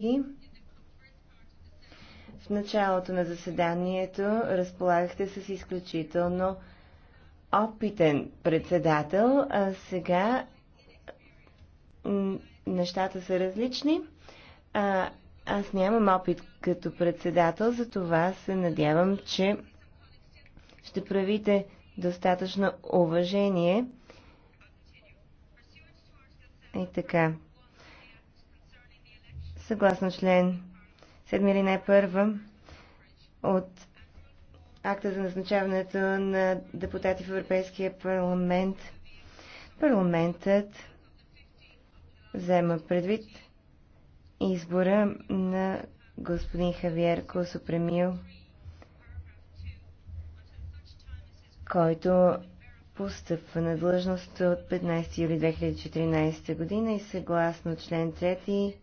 И в началото на заседанието разполагахте с изключително опитен председател, а сега нещата са различни. А, аз нямам опит като председател, затова се надявам, че ще правите достатъчно уважение. И така съгласно член 7 или не първа от акта за назначаването на депутати в Европейския парламент, парламентът взема предвид избора на господин Хавиер Косопремил, който постъпва на длъжност от 15 юли 2014 година и съгласно член 3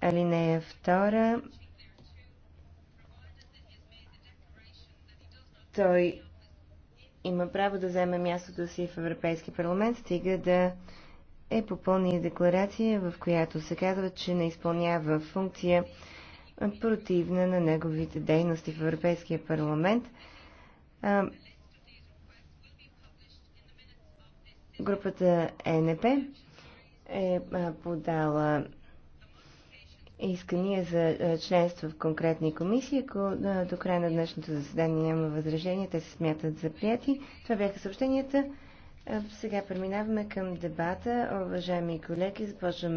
Алинея 2. Той има право да вземе мястото си в Европейски парламент, стига да е попълни декларация, в която се казва, че не изпълнява функция противна на неговите дейности в Европейския парламент. А, групата ЕНП е, е подала искания за е, членство в конкретни комисии. Ако е, до края на днешното заседание няма възражения, те се смятат за прияти. Това бяха съобщенията. Е, сега преминаваме към дебата. Уважаеми колеги, започваме